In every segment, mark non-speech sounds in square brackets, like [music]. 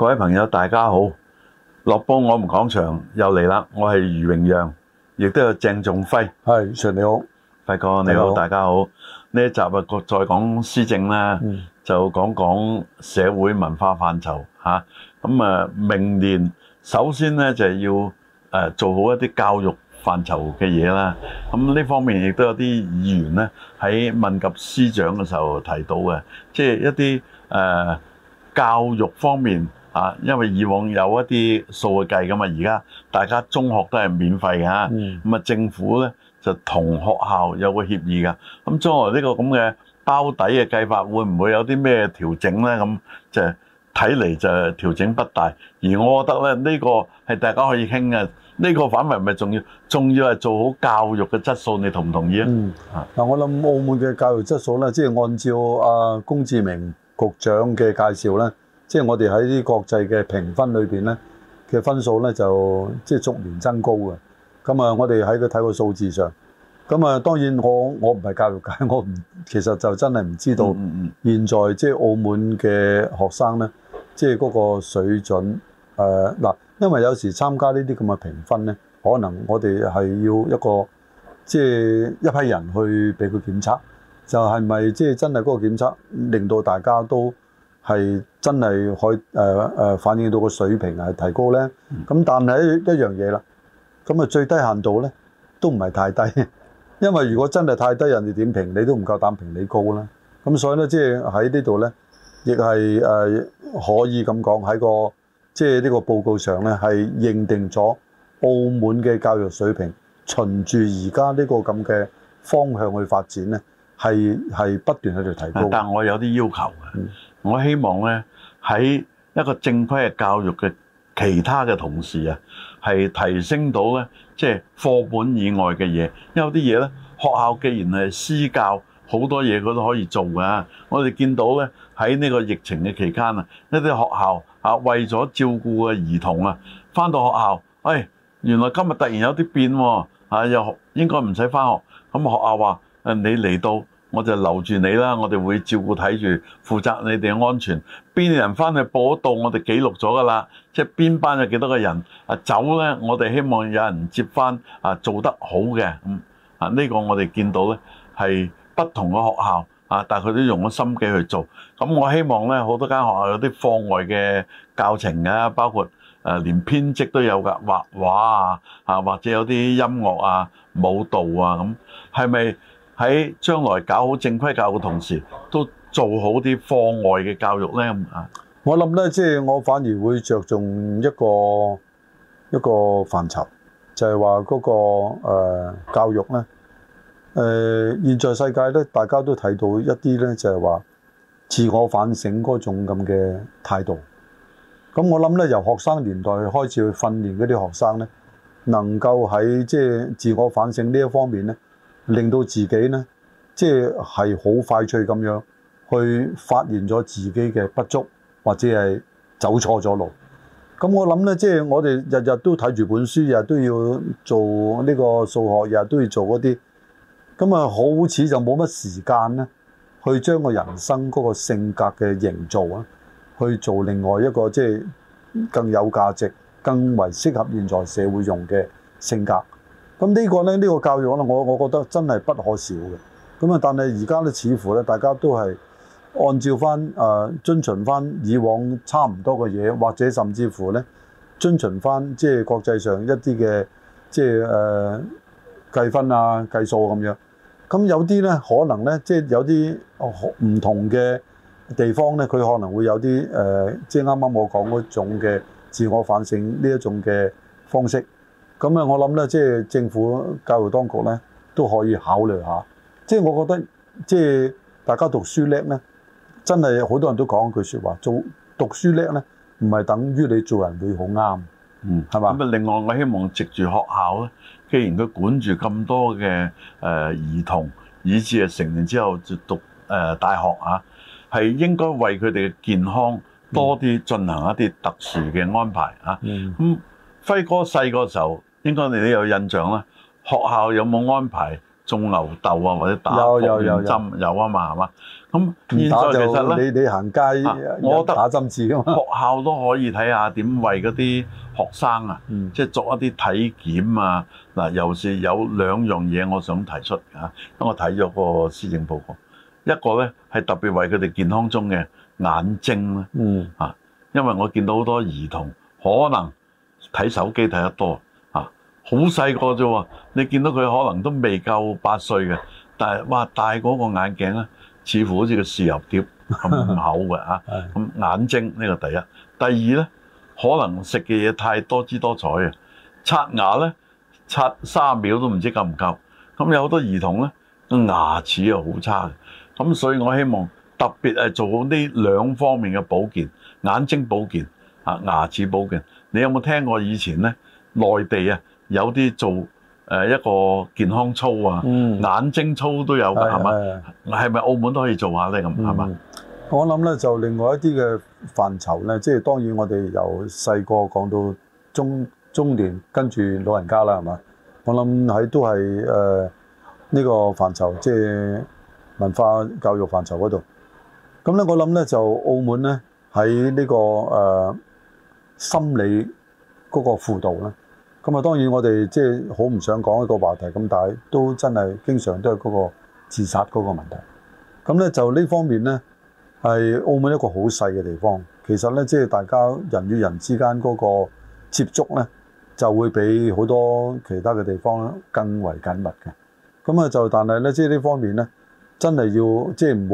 各位朋友，大家好！樂報我們講場又嚟啦，我係余榮讓，亦都有鄭仲輝，係 Sir 你好，輝哥你好，大家好。呢一集啊，再講施政啦，就講講社會文化範疇吓。咁啊，明年首先咧就係要誒做好一啲教育範疇嘅嘢啦。咁呢方面亦都有啲議員咧喺，問及司長嘅時候提到嘅，即係一啲誒教育方面。啊，因為以往有一啲數去計噶嘛，而家大家中學都係免費㗎、啊。咁啊、嗯、政府咧就同學校有個協議㗎。咁將來呢個咁嘅包底嘅計劃會唔會有啲咩調整咧？咁就睇嚟就調整不大。而我覺得咧，呢、這個係大家可以傾嘅。呢、這個反為咪重要，重要係做好教育嘅質素。你同唔同意、嗯、啊？嗯，嗱，我諗澳門嘅教育質素咧，即、就、係、是、按照阿、啊、龔志明局長嘅介紹咧。即係我哋喺啲國際嘅評分裏面咧，嘅分數咧就即係逐年增高嘅。咁啊，我哋喺佢睇個數字上，咁啊當然我我唔係教育界，我唔其實就真係唔知道現在即係澳門嘅學生咧，即係嗰個水準嗱、呃，因為有時參加呢啲咁嘅評分咧，可能我哋係要一個即係、就是、一批人去俾佢檢測，就係咪即係真係嗰個檢測令到大家都？係真係可以誒誒、呃呃、反映到個水平係提高咧，咁、嗯、但係一一樣嘢啦，咁啊最低限度咧都唔係太低，因為如果真係太低，人哋點評你都唔夠膽評你高啦。咁所以咧，即係喺呢度咧，亦係誒可以咁講喺個即係呢個報告上咧係認定咗澳門嘅教育水平，循住而家呢個咁嘅方向去發展咧，係係不斷喺度提高。但我有啲要求嘅。嗯我希望咧喺一個正規嘅教育嘅其他嘅同時啊，係提升到咧即係課本以外嘅嘢，因為有啲嘢咧學校既然係私教，好多嘢佢都可以做噶。我哋見到咧喺呢個疫情嘅期間啊，一啲學校啊為咗照顧嘅兒童啊，翻到學校，誒原來今日突然有啲變喎，啊又應該唔使翻學，咁學校話誒你嚟到。我就留住你啦，我哋會照顧睇住，負責你哋嘅安全。邊人翻去報到，我哋記錄咗噶啦。即係邊班有幾多個人？啊走咧，我哋希望有人接翻。啊做得好嘅咁啊，呢個我哋見到咧係不同嘅學校啊，但佢都用咗心機去做。咁我希望咧，好多間學校有啲課外嘅教程啊，包括誒連編織都有噶，畫畫啊啊，或者有啲音樂啊、舞蹈啊咁，係咪？喺將來搞好正規教育嘅同時，都做好啲課外嘅教育咧。啊，我諗咧，即係我反而會着重一個一個範疇，就係話嗰個、呃、教育咧。誒、呃，現在世界咧，大家都睇到一啲咧，就係話自我反省嗰種咁嘅態度。咁我諗咧，由學生年代開始去訓練嗰啲學生咧，能夠喺即係自我反省呢一方面咧。令到自己呢，即係好快脆咁樣去發現咗自己嘅不足，或者係走錯咗路。咁我諗呢，即係我哋日日都睇住本書，日日都要做呢個數學，日日都要做嗰啲。咁啊，好似就冇乜時間呢，去將個人生嗰個性格嘅營造啊，去做另外一個即係更有價值、更為適合現在社會用嘅性格。咁呢個咧，呢個教育咧，我我覺得真係不可少嘅。咁啊，但係而家咧，似乎咧，大家都係按照翻、誒、遵循翻以往差唔多嘅嘢，或者甚至乎咧，遵循翻即係國際上一啲嘅即係誒計分啊、計數咁樣。咁有啲咧，可能咧，即係有啲唔同嘅地方咧，佢可能會有啲誒，即係啱啱我講嗰種嘅自我反省呢一種嘅方式。咁啊，我諗咧，即係政府教育當局咧，都可以考慮下。即係我覺得，即係大家讀書叻咧，真係好多人都講一句説話，做讀書叻咧，唔係等於你做人會好啱，嗯，係嘛？咁啊，另外我希望藉住學校咧，既然佢管住咁多嘅誒兒童，以至係成年之後就讀誒大學啊，係應該為佢哋嘅健康多啲進行一啲特殊嘅安排啊。咁，嗯嗯，輝哥細個時候。應該你都有印象啦，學校有冇安排種牛痘啊，或者打針有啊嘛，係嘛？咁現在其實咧，你你行街，我得、啊、打針次嘛，學校都可以睇下點為嗰啲學生啊，即係作一啲體檢啊。嗱，又是有兩樣嘢我想提出嚇、啊，因我睇咗個施政報告，一個咧係特別為佢哋健康中嘅眼睛咧、啊嗯啊，因為我見到好多兒童可能睇手機睇得多，好細個啫喎，你見到佢可能都未夠八歲嘅，但係哇戴嗰個眼鏡咧，似乎好似個豉油碟咁厚嘅嚇。咁、 [laughs] 啊、眼睛呢、呢個第一，第二咧可能食嘅嘢太多姿多彩嘅，刷牙咧刷三秒都唔知夠唔夠。咁有好多兒童咧牙齒又好差嘅，咁所以我希望特別係做好呢兩方面嘅保健，眼睛保健，牙齒保健。你有冇聽過以前咧內地啊？有啲做誒一個健康操啊，眼睛，嗯、操都有嘅係咪？係咪的嗎澳門都可以做下咧咁係嘛？嗯、吧我諗咧就另外一啲嘅範疇咧，即係當然我哋由細個講到中中年，跟住老人家啦係嘛？我諗喺都係誒呢個範疇，即係文化教育範疇嗰度。咁咧我諗咧就澳門咧喺呢個誒、呃、心理嗰個輔導咧。咁啊，當然我哋即係好唔想講一個話題咁但係，都真係經常都係嗰個自殺嗰個問題。咁咧就呢方面咧，係澳門一個好細嘅地方。其實咧，即係大家人與人之間嗰個接觸咧，就會比好多其他嘅地方咧，更為緊密嘅。咁啊，就但係咧，即係呢方面咧，真係要即係唔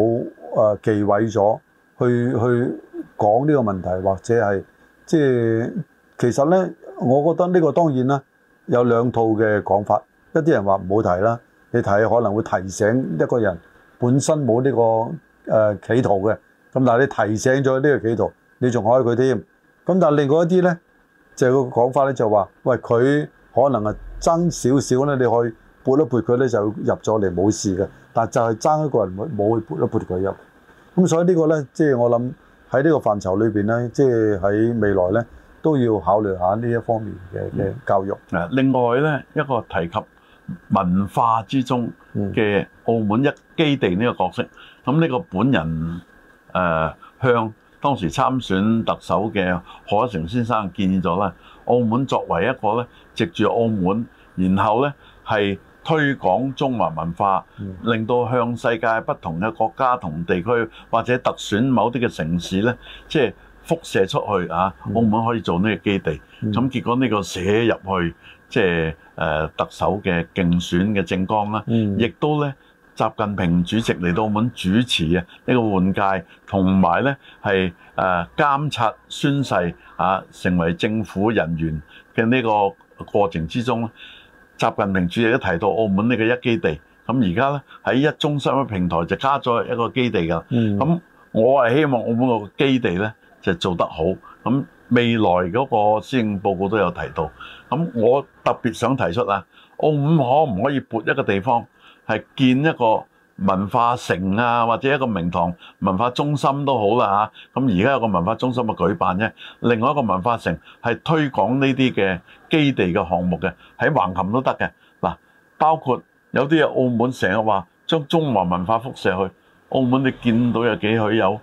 好誒忌諱咗去去講呢個問題，或者係即係其實咧。我覺得呢個當然啦，有兩套嘅講法。一啲人話唔好提啦，你睇可能會提醒一個人本身冇呢、呢個誒、呃、企圖嘅。咁但係你提醒咗呢個企圖，你仲可以佢添。咁但係另外一啲咧，就係、個講法咧就話，喂，佢可能係爭少少咧，你可以撥一撥佢咧，就入咗嚟冇事嘅。但係就係爭一個人冇冇去撥一撥佢入。咁所以個呢個咧，即、就、係、係、我諗喺呢個範疇裏邊咧，即係喺未來咧。都要考慮一下這一方面的教育，另外一個提及文化之中的澳門一基地的這個角色，這個本人向當時參選特首的何成先生建議了澳門作為一個，藉住澳門然後是推廣中華文化，令到向世界不同的國家和地區或者特選某些城市輻射出去啊！澳門可以做呢個基地，咁結果呢個寫入去即係誒特首嘅競選嘅政綱啦，嗯，亦都咧習近平主席嚟到澳門主持啊呢個換屆，同埋咧係誒監察宣誓啊成為政府人員嘅呢個過程之中咧，習近平主席都提到澳門呢個一基地，咁而家咧喺一中心嘅平台就加咗一個基地㗎，咁我係希望澳門個基地咧。就做得好咁，未來嗰個施政報告都有提到。咁我特別想提出啊，澳門可唔可以撥一個地方，係建一個文化城啊，或者一個名堂文化中心都好啦嚇。咁而家有個文化中心嘅舉辦啫，另外一個文化城係推廣呢啲嘅基地嘅項目嘅，喺橫琴都得嘅嗱。包括有啲啊，澳門成日話將中華文化輻射去澳門，你見到有幾許有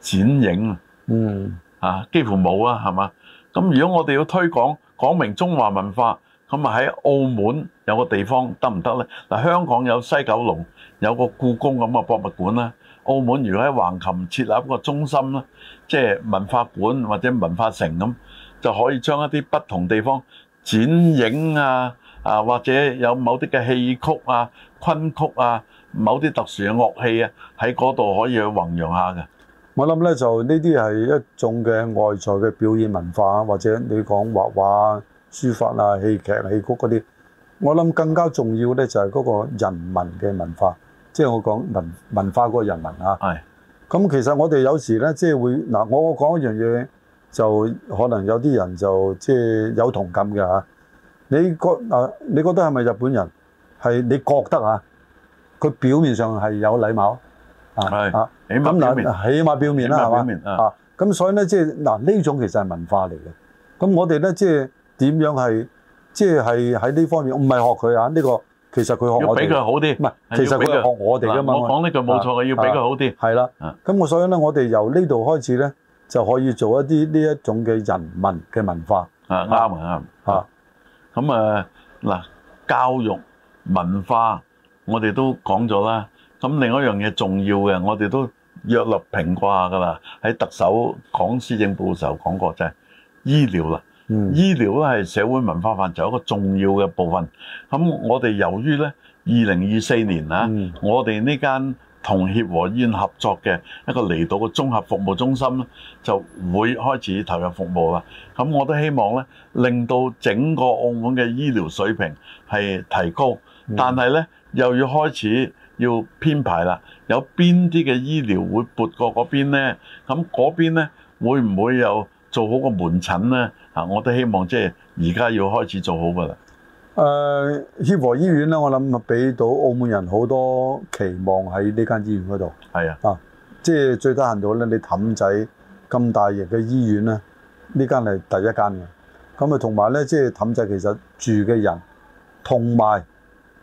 展影啊？嗯，啊，幾乎冇啊，係嘛？咁如果我哋要推廣講明中華文化，咁啊喺澳門有個地方得唔得呢？嗱，香港有西九龍有個故宮咁嘅博物館啦，澳門如果喺橫琴設立一個中心啦，即係文化館或者文化城咁，就可以將一啲不同地方剪影啊啊，或者有某啲嘅戲曲啊、昆曲啊、某啲特殊嘅樂器啊，喺嗰度可以去弘揚下嘅。我諗咧就呢啲係一種嘅外在嘅表演文化，或者你講畫畫、書法啊、戲劇、戲曲嗰啲。我諗更加重要咧就係嗰個人民嘅文化，即係我講文文化嗰個人民啊。係。咁其實我哋有時咧即係會嗱，我講一樣嘢就可能有啲人就即係有同感嘅嚇。你覺嗱？你覺得係咪日本人？係。你覺得啊？佢表面上係有禮貌。啊，啊，起碼表面啦，係嘛？啊，咁所以咧，即係嗱呢種其實係文化嚟嘅。咁我哋咧，即係點樣係，即係喺呢方面，唔係學佢啊？呢個其實佢學要俾佢好啲，唔係，其實佢學我哋噶嘛。我講呢句冇錯嘅，要俾佢好啲。係啦，咁我所以咧，我哋由呢度開始咧，就可以做一啲呢一種嘅人民嘅文化。啊啱啊啱，嚇咁啊嗱，教育文化我哋都講咗啦。咁另一樣嘢重要嘅，我哋都約立評掛噶啦。喺特首講施政報告嘅時候講過，就係醫療啦。醫療咧，係社會文化範疇一個重要嘅部分。咁我哋由於咧，二零二四年啦，我哋呢間同協和醫院合作嘅一個離島嘅綜合服務中心咧，就會開始投入服務啦。咁我都希望咧，令到整個澳門嘅醫療水平係提高，但係咧又要開始。要編排啦，有邊啲嘅醫療會撥過嗰邊咧？咁嗰邊咧會唔會有做好個門診咧？嚇，我都希望即係而家要開始做好噶啦。誒協和醫院咧，我諗啊，俾到澳門人好多期望喺呢間醫院嗰度。係啊，啊，即係最得閒到咧，你氹仔咁大型嘅醫院咧，呢間係第一間嘅。咁啊，同埋咧，即係氹仔其實住嘅人同埋。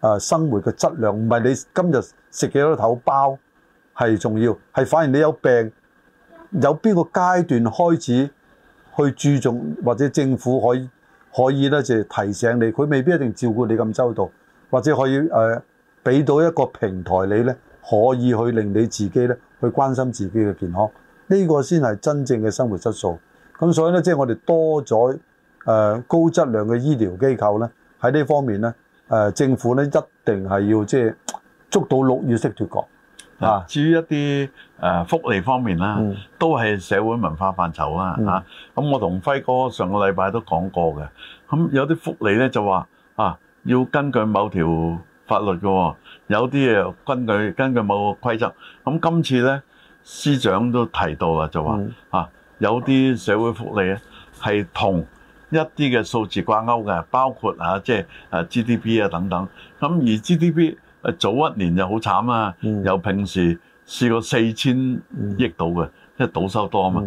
誒生活嘅質量唔係你今日食幾多頭包係重要，係反而你有病有邊個階段開始去注重，或者政府可以可以咧就是，提醒你，佢未必一定照顧你咁周到，或者可以誒俾、呃、到一個平台你咧可以去令你自己咧去關心自己嘅健康，呢、呢個先係真正嘅生活質素。咁所以咧，即、就、係、是、我哋多咗誒、呃、高質量嘅醫療機構咧，喺呢方面咧。誒、啊、政府咧一定係要即係捉到鹿要識脱角啊！至於一啲誒福利方面啦，嗯、都係社會文化範疇啦嚇。咁、嗯啊、我同輝哥上個禮拜都講過嘅。咁有啲福利咧就話啊，要根據某條法律嘅喎，有啲嘢根據根據某個規則。咁今次咧司長都提到啦，就話啊，有啲社會福利咧係同。一啲嘅數字掛鈎嘅，包括啊，即係啊 G D P 啊等等。咁而 G D P 啊，早一年就好慘啊，由平時試過四千億度嘅，即係賭收多啊嘛，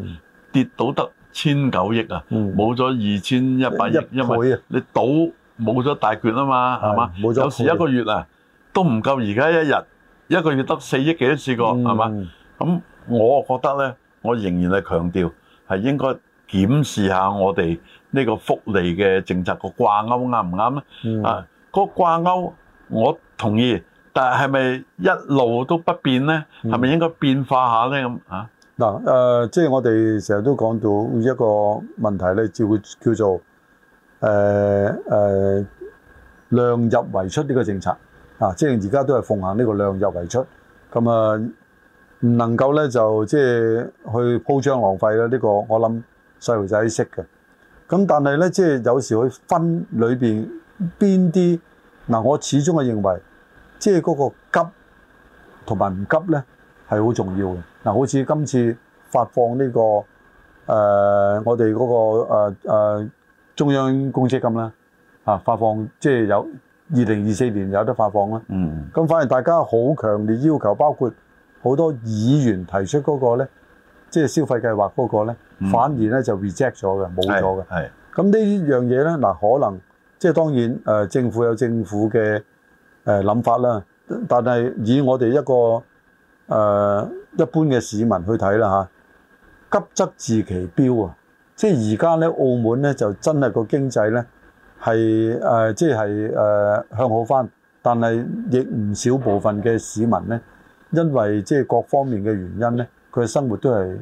跌到得千九億啊，冇咗二千一百億因為，你賭冇咗大鉸啊嘛，係嘛？冇咗，有時一個月啊都唔夠，而家一日一個月得四億幾都試過係嘛？咁我覺得咧，我仍然係強調係應該檢視下我哋。呢個福利嘅政策個掛鈎啱唔啱咧？嗯、啊，個掛鈎我同意，但係係咪一路都不變咧？係咪、嗯、應該變化一下咧咁啊？嗱、呃，誒、呃，即係我哋成日都講到一個問題咧，就叫做誒誒、呃呃、量入為出呢個政策啊，即係而家都係奉行呢個量入為出，咁啊唔能夠咧就即係去鋪張浪費啦。呢、這個我諗細路仔識嘅。咁但係咧，即係有時去分裏面邊啲嗱，我始終係認為，即係嗰個急同埋唔急咧係好重要嘅嗱、啊。好似今次發放呢個誒，我哋嗰個誒誒中央公積金啦，嚇發放即係有二零二四年有得發放啦。嗯，咁反而大家好強烈要求，包括好多議員提出嗰個咧。即係消費計劃嗰個咧，嗯、反而咧就 reject 咗嘅，冇咗嘅。係，咁呢樣嘢咧，嗱可能即係當然誒、呃，政府有政府嘅誒諗法啦。但係以我哋一個誒、呃、一般嘅市民去睇啦嚇，急則治其標啊！即係而家咧，澳門咧就真係個經濟咧係誒，即係誒、呃、向好翻。但係亦唔少部分嘅市民咧，因為即係各方面嘅原因咧。佢嘅生活都係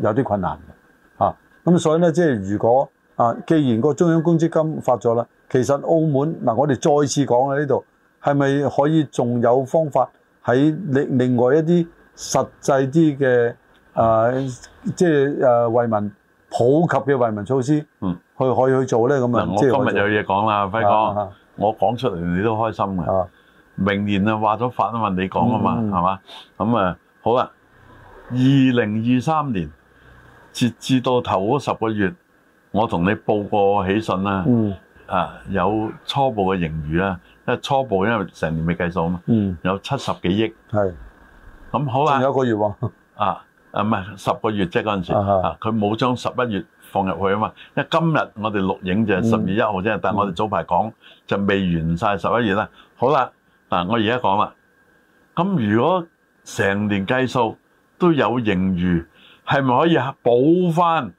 有啲困難嘅嚇，咁、啊、所以咧，即係如果啊，既然個中央公積金發咗啦，其實澳門嗱、啊，我哋再次講喺呢度，係咪可以仲有方法喺另另外一啲實際啲嘅啊，即係啊，惠民普及嘅惠民措施，嗯，去可以去做咧咁啊。嗱、嗯，我今日有嘢講啦，輝哥，啊啊、我講出嚟你都開心嘅。啊、明年啊話咗發啊嘛，你講啊嘛，係嘛？咁、嗯、啊，好啦。二零二三年截至到頭嗰十個月，我同你報過喜訊啦。嗯。啊，有初步嘅盈餘啦，因為初步因為成年未計數啊嘛。嗯。有七十幾億。係、嗯。咁好啦。仲有一個月喎，啊啊。啊，唔係十個月，即係嗰陣時是是是啊，佢冇將十一月放入去啊嘛。因為今日、嗯、我哋錄影就係十二月一號啫，但係我哋早排講就未完晒十一月啦。好啦，嗱、啊，我而家講啦。咁如果成年計數，都有盈餘，係咪可以補翻二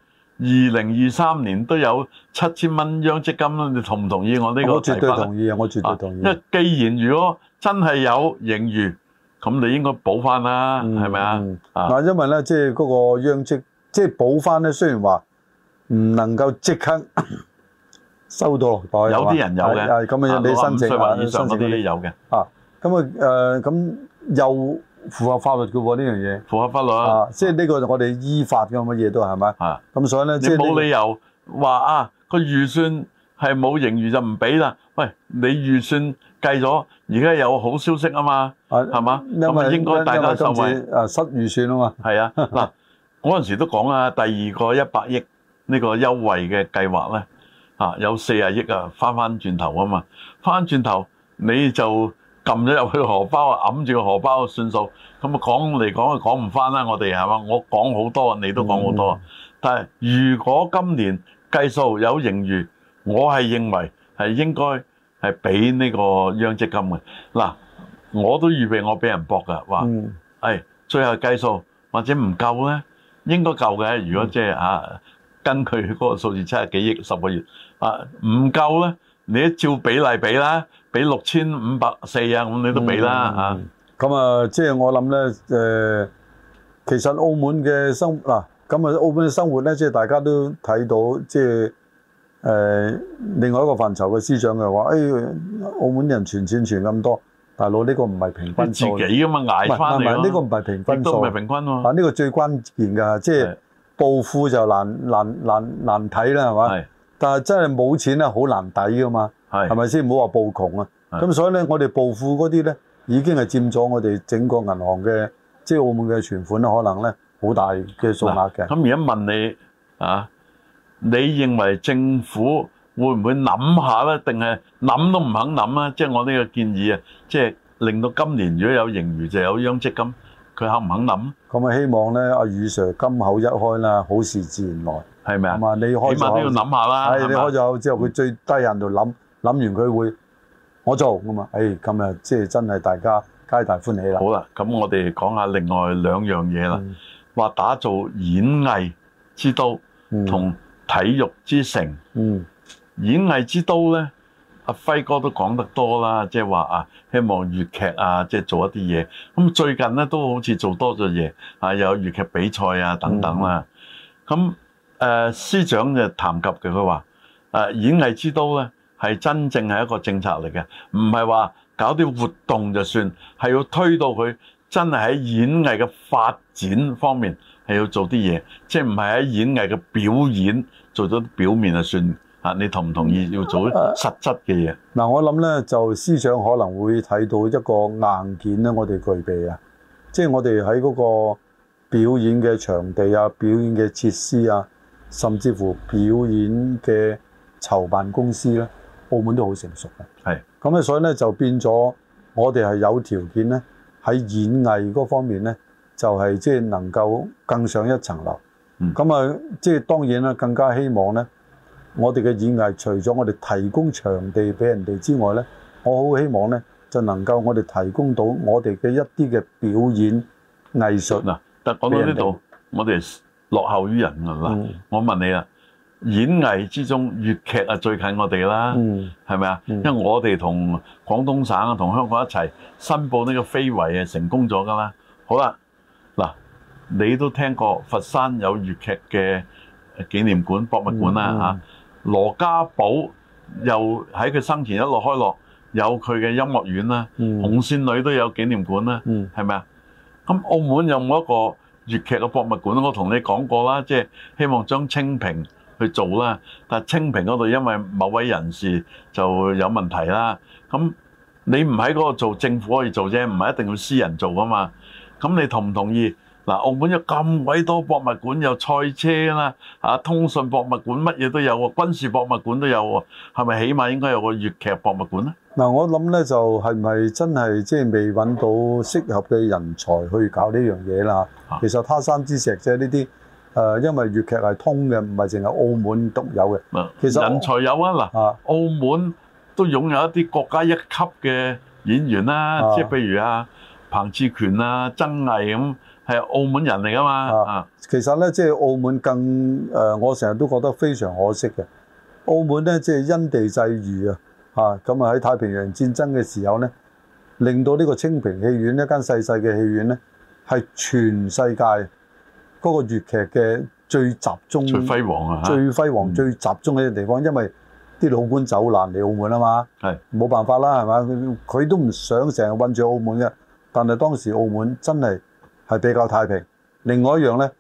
零二三年都有七千蚊央積金咧？你同唔同意我呢個？我絕對同意啊！我絕對同意。因為既然如果真係有盈餘，咁你應該補翻啦，係咪啊？嗱，因為咧，即係嗰個央積，即係補翻咧。雖然話唔能夠即刻收到，有啲人有嘅。咁樣，你申請啊，五十歲或以上嗰啲有嘅。啊，咁啊，誒，咁又。符合法律嘅喎呢樣嘢，符合法律啊，即係呢個我哋依法咁嘅嘢都係咪？咁、啊、所以咧，即你冇理由話啊個預算係冇盈餘就唔俾啦。喂，你預算計咗，而家有好消息啊嘛，係嘛？咁咪應該大家受惠啊，失預算啊嘛。係啊，嗱嗰陣時都講啊，第二個一百億呢個優惠嘅計劃咧，嚇、啊、有四啊億啊翻翻轉頭啊嘛，翻轉頭你就。撳咗入去荷包啊，揞住個荷包算數。咁啊講嚟講去講唔翻啦，我哋係嘛？我講好多，你都講好多。但係如果今年計數有盈餘，我係認為係應該係俾呢個央積金嘅。嗱，我都預備我俾人博噶，話係最後計數或者唔夠咧，應該夠嘅。如果即係啊根據嗰個數字七十幾億十個月啊，唔夠咧，你都照比例俾啦。俾六千五百四啊，咁你都未啦嚇。咁啊，即係我諗咧，誒，其實澳門嘅生嗱，咁啊，澳門嘅生活咧，即係大家都睇到，即係誒，另外一個範疇嘅思想就係話，誒，澳門人存錢存咁多，大佬呢個唔係平均數。自己啊嘛，捱翻嚟咯。唔係唔係，呢個唔係平均數。唔係平均喎。啊，呢個最關鍵㗎，即係暴富就難難難難睇啦，係嘛？係。但係真係冇錢啊，好難抵㗎嘛。係，係咪先？唔好話暴窮啊！咁是的 所以咧，我哋暴富嗰啲咧，已經係佔咗我哋整個銀行嘅，即係澳門嘅存款啦，可能咧好大嘅數額嘅。咁而家問你啊，你認為政府會唔會諗下咧？定係諗都唔肯諗啊？即係我呢個建議啊，即係令到今年如果有盈餘就有央積金，佢肯唔肯諗？咁啊，希望咧，阿宇 sir 金口一開啦，好事自然來，係咪啊？咁啊，你開咗口，起碼都要諗下啦。係嗎你開咗口之後，佢嗎最低限度諗。諗完佢會我做咁啊。咁、哎、啊，即係真係大家皆大歡喜啦。好啦，咁我哋講下另外兩樣嘢啦。話、嗯、打造演藝之都同體育之城。嗯嗯、演藝之都咧，阿輝哥都講得多啦，即係話啊，希望粵劇啊，即係做一啲嘢。咁最近咧都好似做多咗嘢啊，有粵劇比賽啊等等啦。咁誒、嗯呃、司長就談及佢，佢話、呃、演藝之都咧，係真正係一個政策嚟嘅，唔係話搞啲活動就算，係要推到佢真係喺演藝嘅發展方面係要做啲嘢，即係唔係喺演藝嘅表演做咗表面就算。啊，你同唔同意要做實質嘅嘢、啊？嗱、啊啊，我諗呢就思想可能會睇到一個硬件咧，我哋具備啊，即係我哋喺嗰個表演嘅場地啊、表演嘅設施啊，甚至乎表演嘅籌辦公司咧、啊。澳門都好成熟嘅，咁咧是，所以咧就變咗我哋係有條件咧喺演藝嗰方面咧，就係即係能夠更上一層樓。咁啊、嗯，即係、嗯、當然啦，更加希望咧，我哋嘅演藝除咗我哋提供場地俾人哋之外咧，我好希望咧，就能夠我哋提供到我哋嘅一啲嘅表演藝術啊，講到呢度，我哋落後於人㗎、嗯、我問你啊？演藝之中，粵劇啊最近我哋啦，係咪啊？吧嗯、因為我哋同廣東省啊，同香港一齊申報呢個非遺啊，成功咗㗎啦。好啦，嗱，你都聽過佛山有粵劇嘅紀念館、博物館啦嚇、嗯啊。羅家寶又喺佢生前一路開落有佢嘅音樂院啦，嗯、紅線女都有紀念館啦，係咪啊？咁澳門有冇一個粵劇嘅博物館？我同你講過啦，即係希望將清平。去做啦，但係清平嗰度因為某位人士就有問題啦。咁你唔喺嗰度做政府可以做啫，唔係一定要私人做噶嘛。咁你同唔同意？嗱，澳門有咁鬼多博物館，有賽車啦，啊，通訊博物館乜嘢都有喎，軍事博物館都有喎，係咪起碼應該有個粵劇博物館咧？嗱，我諗咧就係咪真係即係未揾到適合嘅人才去搞呢樣嘢啦？其實他山之石啫，呢啲。誒，因為粵劇係通嘅，唔係淨係澳門獨有嘅。其實人才有啊，嗱，啊澳門都擁有一啲國家一級嘅演員啦、啊，即係譬如啊彭志權啊、曾毅咁，係澳門人嚟噶嘛、啊啊。其實咧，即係澳門更誒、呃，我成日都覺得非常可惜嘅。澳門咧，即係因地制宜啊，嚇咁啊喺太平洋戰爭嘅時候咧，令到呢個清平戲院一間細細嘅戲院咧，係全世界。不過粵劇嘅最集中、最輝煌啊！最輝煌、最集中嘅地方，嗯、因為啲老官走難嚟澳門啊嘛，係冇是辦法啦，係嘛？佢都唔想成日困住澳門嘅，但係當時澳門真係係比較太平。另外一樣呢，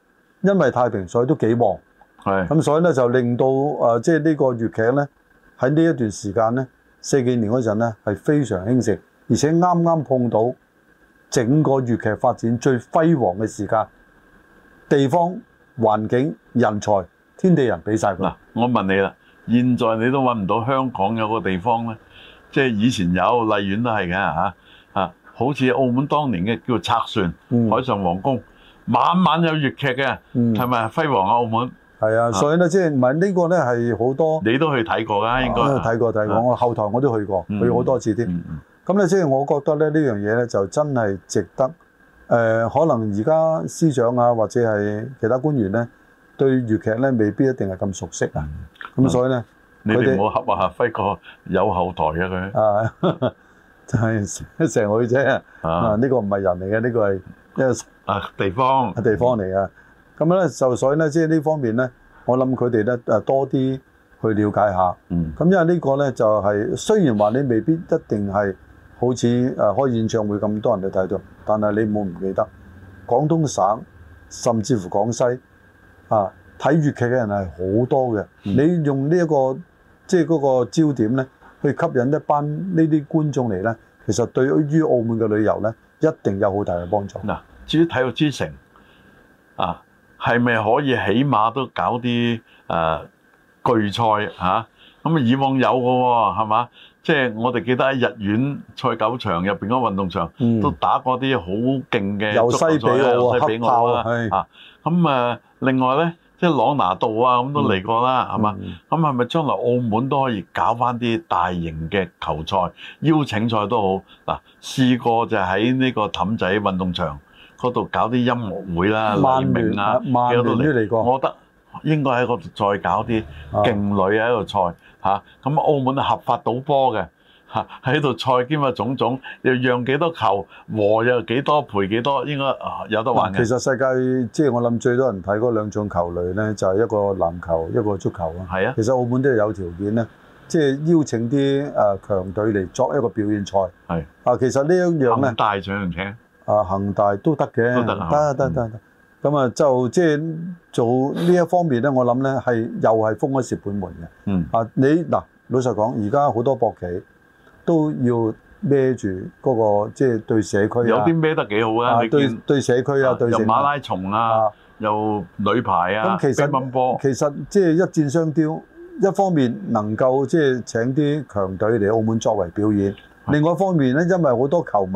因為太平，所以都幾旺。係咁是，所以呢，就令到誒，即係呢個粵劇呢，喺呢一段時間呢，四幾年嗰陣咧係非常興盛，而且啱啱碰到整個粵劇發展最輝煌嘅時間。地方、環境、人才，天地人俾晒佢。嗱，我問你啦，現在你都揾唔到香港有個地方咧，即係以前有荔園都係嘅嚇嚇，好似澳門當年嘅叫拆船、嗯、海上皇宮，晚晚有粵劇嘅，係咪、嗯、輝煌嘅澳門？係啊，所以咧即係唔係呢個咧係好多。你都去睇過㗎，應該睇過睇過，啊、我後台我都去過，嗯、去好多次添。咁咧即係我覺得咧呢樣嘢咧就真係值得。誒可能而家司長啊，或者係其他官員咧，對粵劇咧未必一定係咁熟悉啊。咁所以咧，佢哋唔好黑啊！輝哥有後台嘅佢，就係成個女仔啊！啊，呢個唔係人嚟嘅，呢個係一個啊地方啊地方嚟嘅。咁咧就所以咧，即係呢方面咧，我諗佢哋咧誒多啲去了解下。嗯。咁因為呢個咧就係雖然話你未必一定係好似誒開演唱會咁多人去睇到。但係你冇唔記得，廣東省甚至乎廣西啊，睇粵劇嘅人係好多嘅。嗯、你用呢、這、一個即係嗰個焦點咧，去吸引一班呢啲觀眾嚟咧，其實對於澳門嘅旅遊咧，一定有好大嘅幫助。嗱，至於體育之城啊，係咪可以起碼都搞啲誒、啊、巨賽嚇？咁、啊、以往有嘅喎、哦，係嘛？即係我哋記得喺日苑賽狗場入面嗰個運動場、嗯，都打過啲好勁嘅足球賽，我啦、我黑豹炮啦。啊，咁啊是、嗯，另外咧，即、就、係、是、朗拿度啊，咁都嚟過啦，係嘛、嗯？咁係咪將來澳門都可以搞翻啲大型嘅球賽、邀請賽都好？嗱、啊，試過就喺呢個氹仔運動場嗰度搞啲音樂會啦、黎聯明啊，聯都有嚟過，我覺得應該喺嗰度再搞啲勁女喺度個賽。啊嚇，咁澳門合法賭波嘅，嚇喺度賽兼啊種種，又讓幾多球和又幾多賠幾多，應該有得玩嘅。其實世界即係我諗最多人睇嗰兩種球類咧，就係一個籃球一個足球啊。係啊，其實澳門都係有條件咧，即係邀請啲誒強隊嚟作一個表演賽。係啊，其實呢一樣咧，恒大想唔想？啊，恒大都得嘅，得得得得。咁啊，就即係做呢一方面咧，我諗咧係又係封咗蝕本門嘅。嗯啊，你嗱，老實講，而家好多博企都要孭住嗰個即係對社區，有啲孭得幾好啊。對對社區啊，對馬拉松啊，又女排啊，乒乓波。其實即係一箭雙雕，一方面能夠即係請啲強隊嚟澳門作為表演；另外一方面咧，因為好多球迷。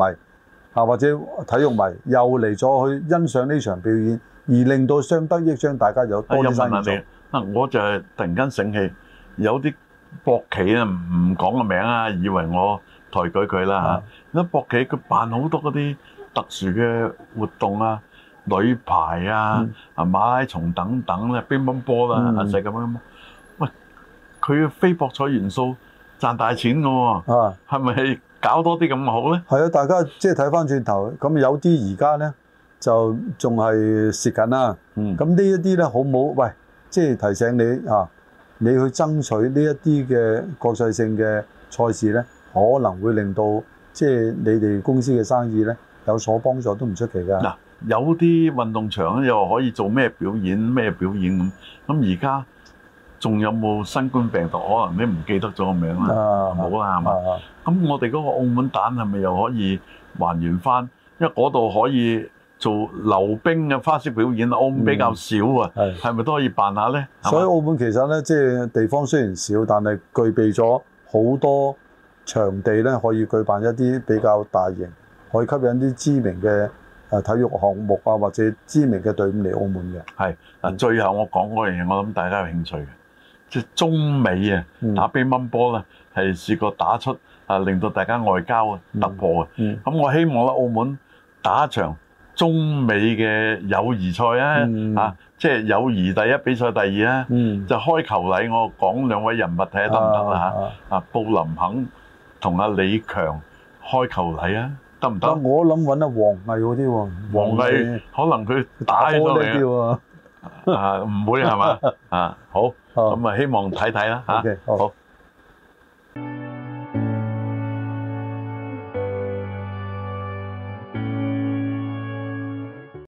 啊，或者體育迷又嚟咗去欣賞呢場表演，而令到相得益彰，大家有多啲新啊，我就係突然間醒起，有啲博企啊，唔講個名啊，以為我抬舉佢啦的、啊、博企佢辦好多嗰啲特殊嘅活動啊，女排啊，嗯、啊馬拉松等等啦，乒乓波啦、啊，成日咁樣。喂、啊，佢非博彩元素賺大錢嘅、啊、喎，係咪的？是搞多啲咁好咧？係啊，大家即係睇翻轉頭，咁有啲而家咧就仲係蝕緊啦。嗯，咁呢一啲咧好唔好？喂，即係提醒你啊，你去爭取呢一啲嘅國際性嘅賽事咧，可能會令到即係你哋公司嘅生意咧有所幫助都唔出奇㗎。嗱，有啲運動場又可以做咩表演？咩表演咁？咁而家。仲有冇新冠病毒？可能你唔記得咗個名啊。冇啦，係嘛？咁我哋嗰個澳門蛋係咪又可以還原翻？因為嗰度可以做溜冰嘅花式表演，澳門比較少啊，係咪、嗯、都可以辦下咧？是吧所以澳門其實咧，即、就、係、是、地方雖然少，但係具備咗好多場地咧，可以舉辦一啲比較大型，可以吸引啲知名嘅誒體育項目啊，或者知名嘅隊伍嚟澳門嘅。係嗱、啊，最後我講嗰樣嘢，我諗大家有興趣嘅。即係中美啊，打乒乓波咧係、嗯、試過打出啊，令到大家外交突破嘅。咁、嗯嗯、我希望咧，澳門打一場中美嘅友誼賽啊，嗯、啊即係、就是、友誼第一，比賽第二啊，嗯、就開球禮我講兩位人物睇下得唔得啦啊，啊，啊，啊布林肯同阿李強開球禮啊，得唔得？我諗揾阿王毅嗰啲喎，王毅，王毅可能佢打波啲 [laughs] 啊，唔會係嘛？啊，好，咁好啊，希望睇睇啦吓，好。